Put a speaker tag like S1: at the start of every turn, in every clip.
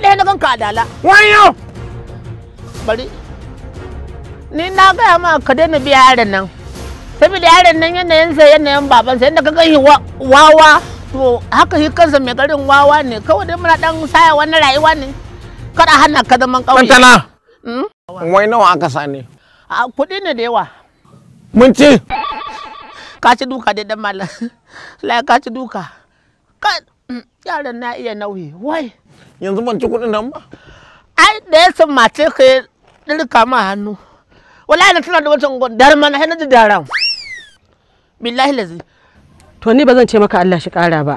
S1: ɗaya na ganka adala Wanyo! bari ni na gaya ma ka daina biya yaron nan saboda yaron nan yanayin sa yanayin baban sa yadda ka gan wawa to haka shi kansa mai garin wawa ne kawai dai muna dan saya wani rayuwa ne kada hana ka zaman kauye tantana hmm? wai nawa aka sani a kuɗi ne da yawa mun ci ka ci duka dai dan malam lai ka ci duka yaran na iya nauyi wai yanzu ban ci kuɗin nan ba ai da ya san mace ka yi ɗirka ma hannu wallahi na tana da wancan gondar mana na da daram billahi lazi
S2: to ni ba zan ce maka Allah shi ƙara ba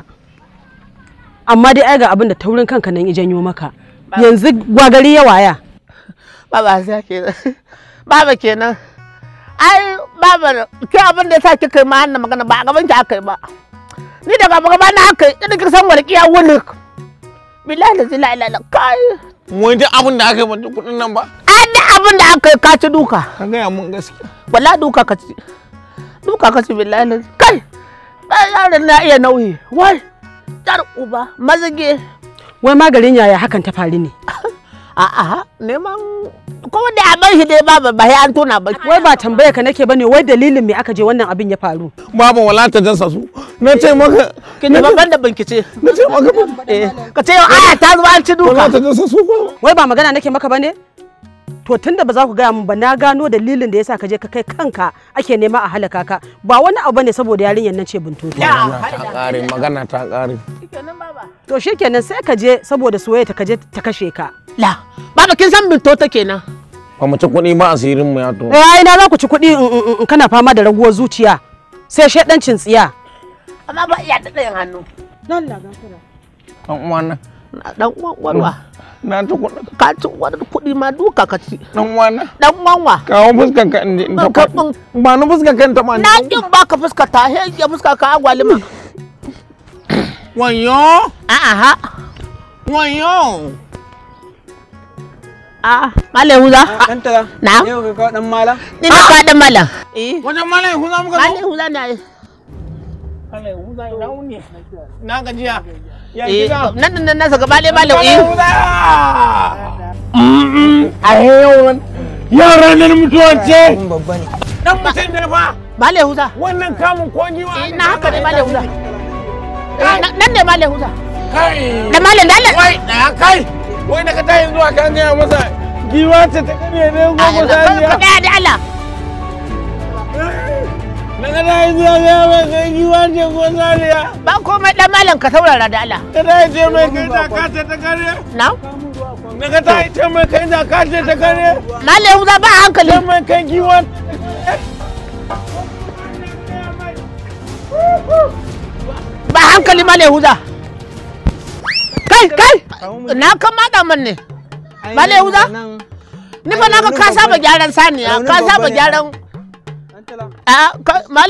S2: amma dai ai ga abin da taurin kanka nan i janyo maka yanzu gwagari ya waya
S1: baba sai kenan baba kenan ai baba ke abin da ya sa kika yi ma hannu magana ba a gaban ki aka yi ba ni daga ba na haka idan ka san walqiya wulik billahi la ilaha illa kai wai duk abin da aka yi kudin nan ba a da abin da aka yi ka ci duka ka ga mun gaskiya wallahi duka ka ci duka ka ci billahi la kai kai
S2: yaron na iya nauyi wai dar uba mazage wai magarin yaya hakan ta faru ne a'a neman ko da a shi dai ba ba an tona ba wai ba tambaya ka nake bane wai dalilin me aka je wannan abin ya faru babu walata jansa su na ce maka kin ba banda ce. na ce maka eh, ka ce aya ta zuwa an ci duka walata sasu su wai ba magana nake maka bane to tunda ba za ku gaya min ba na gano dalilin da yasa ka je ka kai kanka ake nema a halaka ka ba wani abu bane saboda yarinyar nan ce buntutu ta kare
S1: magana ta kare
S2: to shikenan sai ka je saboda soyayya ta kaje ta kashe ka la baba kin san buntutu kenan
S1: ba mu ci kuɗi ma asirin mu ya to eh
S2: ai na za ku ci kuɗi in kana fama da raguwar zuciya sai shaidancin tsiya
S1: amma ba iya daɗa yin hannu nan da gafara dan uwa na dan uwan warwa na ta kuɗi ka ci wani kuɗi ma duka ka ci dan uwa na dan uwan wa kawo fuskar ka in ta ka ba ni fuskar ka in ta ma na kin ba ka fuskar ta he ya fuskar ka agwalima wanyo a'a ha wanyo A'a, ah, Malam Huza. Ah, ah, na. Yau ka kawo dan Malam. Ni na kawo dan Malam. Eh. Wajen Malam Huza muka zo. Malam Huza na. Malam Huza ina wuni. Na gajiya. Ya eh, gida. Nan nan nan saka Malam Malam eh. A yawan. Yara nan mutuwan ce. Babba ne. Dan mutum ne fa. Malam Huza. Wannan kamun kwanji wa. Eh, na haka ne Malam Huza. Eh, nan ne Malam Huza. Kai. Da Malam Dalan. Wai, kai. wai da ka tayi zuwa kan gaya masa giwa ce ta kame ne gogo saniya ka da dala na ka tayi zuwa gaya kai giwa ce ko sariya. ba komai dan malam ka saurara da Allah ka tayi ce mai kai da ka ce ta kare na na ka tayi ce mai kai da ka ce ta kare malam za ba hankali mai kai giwa ba hankali malam huza kai kai na kan maɗa man ne ba da yahuza ni fa na ka saba gyaran saniya ka saba gyaran a